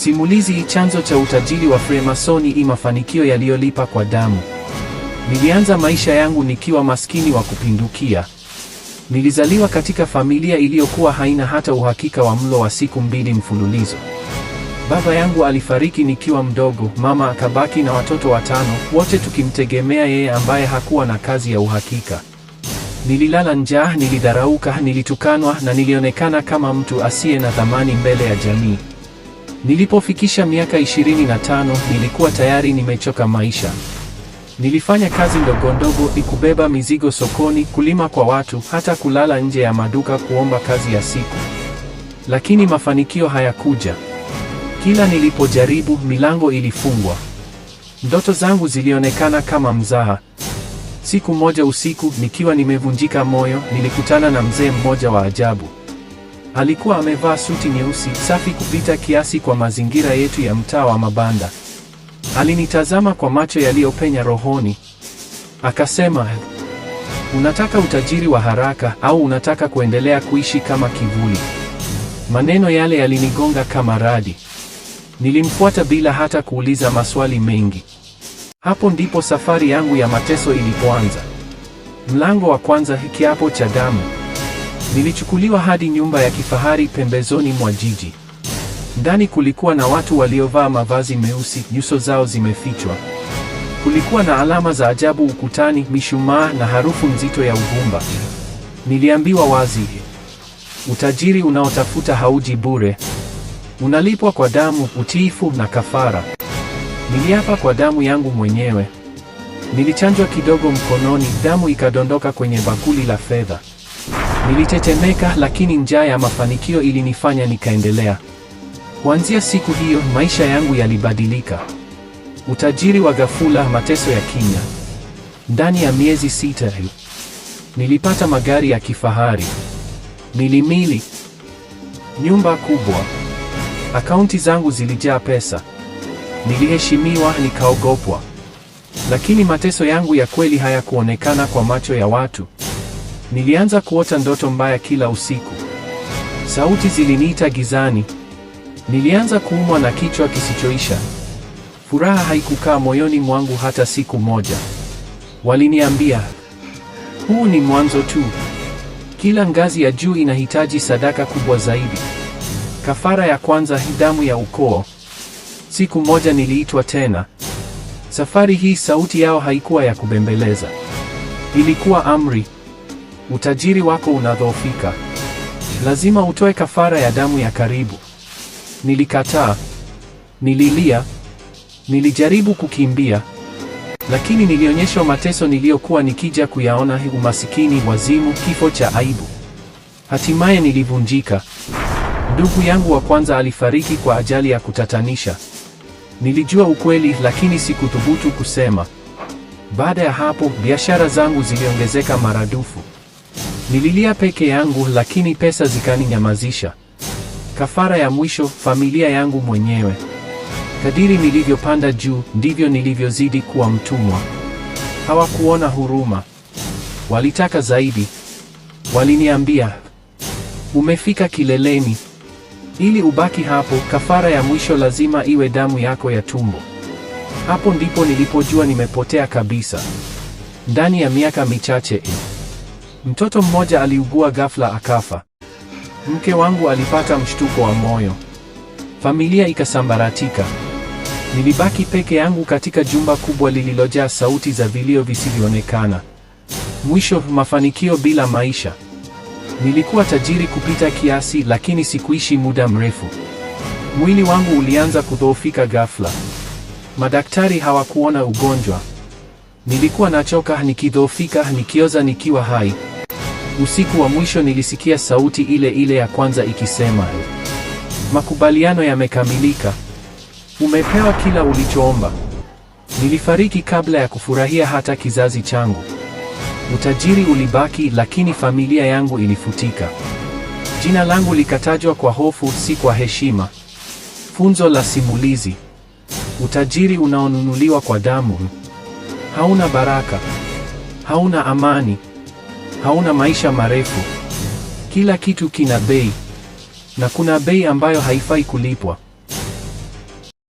Simulizi: chanzo cha utajiri wa Freemasoni i mafanikio yaliyolipa kwa damu. Nilianza maisha yangu nikiwa maskini wa kupindukia. Nilizaliwa katika familia iliyokuwa haina hata uhakika wa mlo wa siku mbili mfululizo. Baba yangu alifariki nikiwa mdogo, mama akabaki na watoto watano, wote tukimtegemea yeye ambaye hakuwa na kazi ya uhakika. Nililala njaa, nilidharauka, nilitukanwa na nilionekana kama mtu asiye na thamani mbele ya jamii. Nilipofikisha miaka 25, nilikuwa tayari nimechoka maisha. Nilifanya kazi ndogo ndogo, ikubeba mizigo sokoni, kulima kwa watu, hata kulala nje ya maduka kuomba kazi ya siku. Lakini mafanikio hayakuja. Kila nilipojaribu, milango ilifungwa. Ndoto zangu zilionekana kama mzaha. Siku moja usiku, nikiwa nimevunjika moyo, nilikutana na mzee mmoja wa ajabu. Alikuwa amevaa suti nyeusi safi kupita kiasi kwa mazingira yetu ya mtaa wa mabanda. Alinitazama kwa macho yaliyopenya rohoni, akasema, unataka utajiri wa haraka au unataka kuendelea kuishi kama kivuli? Maneno yale yalinigonga kama radi. Nilimfuata bila hata kuuliza maswali mengi. Hapo ndipo safari yangu ya mateso ilipoanza. Mlango wa kwanza, kiapo cha damu. Nilichukuliwa hadi nyumba ya kifahari pembezoni mwa jiji. Ndani kulikuwa na watu waliovaa mavazi meusi, nyuso zao zimefichwa. Kulikuwa na alama za ajabu ukutani, mishumaa na harufu nzito ya uvumba. Niliambiwa wazi, utajiri unaotafuta hauji bure. Unalipwa kwa damu, utiifu na kafara. Niliapa kwa damu yangu mwenyewe. Nilichanjwa kidogo mkononi, damu ikadondoka kwenye bakuli la fedha. Nilitetemeka, lakini njaa ya mafanikio ilinifanya nikaendelea. Kuanzia siku hiyo, maisha yangu yalibadilika. Utajiri wa ghafula, mateso ya kimya. Ndani ya miezi sita nilipata magari ya kifahari, nilimili nyumba kubwa, akaunti zangu zilijaa pesa, niliheshimiwa, nikaogopwa. Lakini mateso yangu ya kweli hayakuonekana kwa macho ya watu. Nilianza kuota ndoto mbaya kila usiku. Sauti ziliniita gizani. Nilianza kuumwa na kichwa kisichoisha. Furaha haikukaa moyoni mwangu hata siku moja. Waliniambia, huu ni mwanzo tu. Kila ngazi ya juu inahitaji sadaka kubwa zaidi. Kafara ya kwanza, damu ya ukoo. Siku moja niliitwa tena. Safari hii sauti yao haikuwa ya kubembeleza. Ilikuwa amri utajiri wako unadhoofika. Lazima utoe kafara ya damu ya karibu. Nilikataa, nililia, nilijaribu kukimbia, lakini nilionyeshwa mateso niliyokuwa nikija kuyaona: umasikini, wazimu, kifo cha aibu. Hatimaye nilivunjika. Ndugu yangu wa kwanza alifariki kwa ajali ya kutatanisha. Nilijua ukweli, lakini sikuthubutu kusema. Baada ya hapo, biashara zangu ziliongezeka maradufu. Nililia peke yangu, lakini pesa zikaninyamazisha. Kafara ya mwisho, familia yangu mwenyewe. Kadiri nilivyopanda juu, ndivyo nilivyozidi kuwa mtumwa. Hawakuona huruma, walitaka zaidi. Waliniambia, umefika kileleni, ili ubaki hapo, kafara ya mwisho lazima iwe damu yako ya tumbo. Hapo ndipo nilipojua nimepotea kabisa. Ndani ya miaka michache Mtoto mmoja aliugua ghafla akafa. Mke wangu alipata mshtuko wa moyo. Familia ikasambaratika. Nilibaki peke yangu katika jumba kubwa lililojaa sauti za vilio visivyoonekana. Mwisho, mafanikio bila maisha. Nilikuwa tajiri kupita kiasi, lakini sikuishi muda mrefu. Mwili wangu ulianza kudhoofika ghafla. Madaktari hawakuona ugonjwa. Nilikuwa nachoka, nikidhoofika, nikioza nikiwa hai. Usiku wa mwisho nilisikia sauti ile ile ya kwanza ikisema, makubaliano yamekamilika, umepewa kila ulichoomba. Nilifariki kabla ya kufurahia hata kizazi changu. Utajiri ulibaki, lakini familia yangu ilifutika. Jina langu likatajwa kwa hofu, si kwa heshima. Funzo la simulizi: utajiri unaonunuliwa kwa damu hauna baraka, hauna amani hauna maisha marefu. Kila kitu kina bei, na kuna bei ambayo haifai kulipwa.